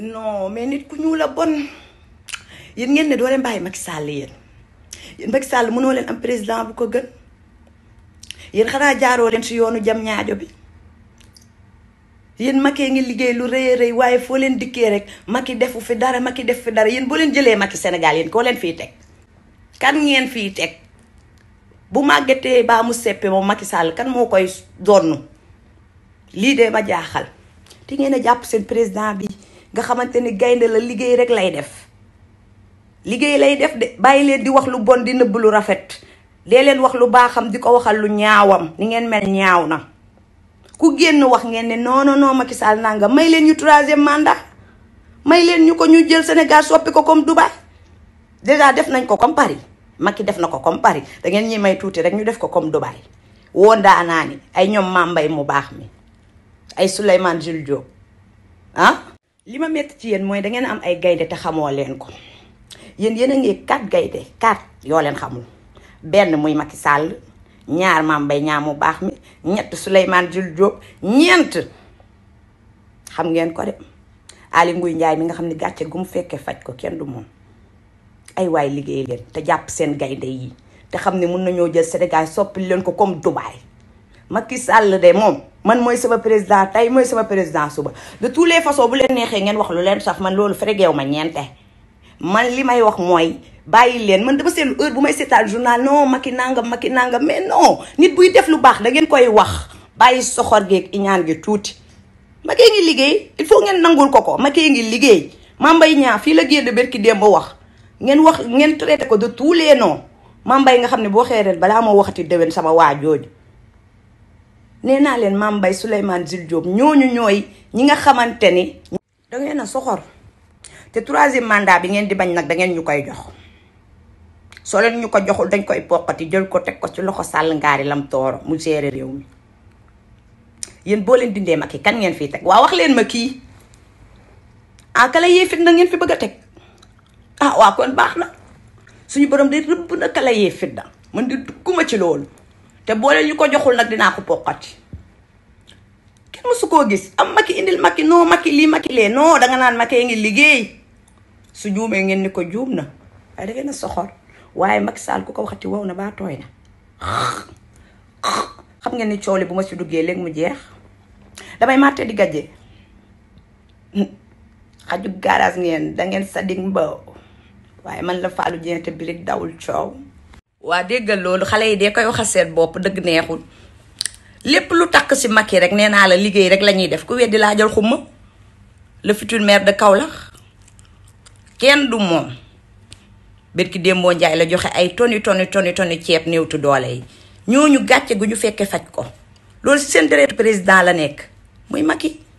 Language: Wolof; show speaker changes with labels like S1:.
S1: non mais nit ku ñuul a bon yéen ngeen ne doo leen bàyyi Macky Sall yéen yéen Macky Sall mënoo leen am président bu ko gën yéen xanaa jaaroo leen si yoonu jam ñaajo bi yéen Macky ngi liggéey lu rëy a waaye foo leen dikkee rek Macky defu fi dara Macky def fi dara yéen boo leen jëlee Macky Sénégal yéen koo leen fii teg kan ngeen fii teg bu màggatee baa mu seppe moom Macky Sall kan moo koy donnu lii de ma jaaxal te ngeen a jàpp seen président bi nga xamante ni gaynde la liggéey rek lay def liggéey lay def de bàyyi leen di wax lu bon di nëbb lu rafet dee leen wax lu baaxam di ko waxal lu ñaawam ni ngeen mel ñaaw na ku génn wax ngeen ne non non non Macky Sall nanga may leen ñu troisième mandat may leen ñu ko ñu jël Sénégal soppi ko comme Dubaï déjà def nañ ko comme Paris makki def na ko comme Paris da ngeen ñi may tuuti rek ñu def ko comme Dubaï woon daa naa ni ay ñoom mambay mu baax mi ay Souleymane Jules ah. li ma métti ci yéen mooy dangeen am ay gaynde te xamoo leen ko yéen yéen a ngi quatre gaynde quatre yoo leen xamul benn muy Macky sàll ñaar Mame Mbaye mu baax mi ñett Souleymane Jules Diop ñeent xam ngeen ko de Aly njaay Ndiaye mi nga xam ne gàcce gu mu fekkee faj ko kenn du moom ay waay liggéey leen te jàpp seen gaynde yi te xam ne mun nañoo jël Sénégal soppi leen ko comme Dubaï Macky Sall de moom man mooy sama président tey mooy sama président suba de tous les façons bu leen neexee ngeen wax lu leen saf man loolu frégeew ma ñeente man li may wax mooy bàyyi leen man dama seen heure bu may seetaan journal non Macky nangam Macky nàngam mais non nit buy def lu baax da ngeen koy wax bàyyi soxor geeg iñaan gi tuuti Macky ngi liggéey il faut ngeen nangul ko ko Macky ngi liggéey Mame Mbaye Niang fii la génn berki démb ba wax ngeen wax ngeen traité ko de tous les noms Mame Mbaye nga xam ne boo xeereen balaa moo waxati déwén sama waa jooju nee naa leen Mame Mbaye Souleymane Jules Diop ñooñu ñooy ñi nga xamante ni. da ngeen a soxor te troisième màndaa bi ngeen di bañ nag da ngeen ñu koy jox soo leen ñu ko joxul dañ koy poqati jël ko teg ko ci loxo sàll ngaari lam tooro mu gérer réew mi yéen boo leen dindee ma ki kan ngeen fiy teg waa wax leen ma kii ah kale yee fitna ngeen fi bëgg a teg ah waa kon baax na suñu borom day rëbb na kala yee fitna man di dugguma ci loolu. te boo leen ñu ko joxul nag dinaa ko poqati kenn mësu koo gis am makki indil makki noo makki lii makki lee non danga naan makkee ngi liggéey su juumee ngeen ni ko juum na waaye da ngeen a soxor waaye Macky Sall ku ko waxati wow na baa xam ngeen ni coow bu ma si duggee léegi mu jeex damay màttee di gàjje xaju garage ngeen dangeen sa sadik mbaw waaye man la Fallou Dieng te birig dawul coow waa déggal loolu xale yi dee koy waxa seet bopp dëgg neexul lépp lu takk si mag yi rek nee naa la liggéey rek la ñuy def ku weddi laa jël xumma le futur maire de kaw Kaolack kenn du moom bërki démboo njaay la joxe ay toni toni toni toni ceeb néewtu doole yi ñooñu gàcce gu ñu fekke faj ko loolu si seen deretu président la nekk muy mag yi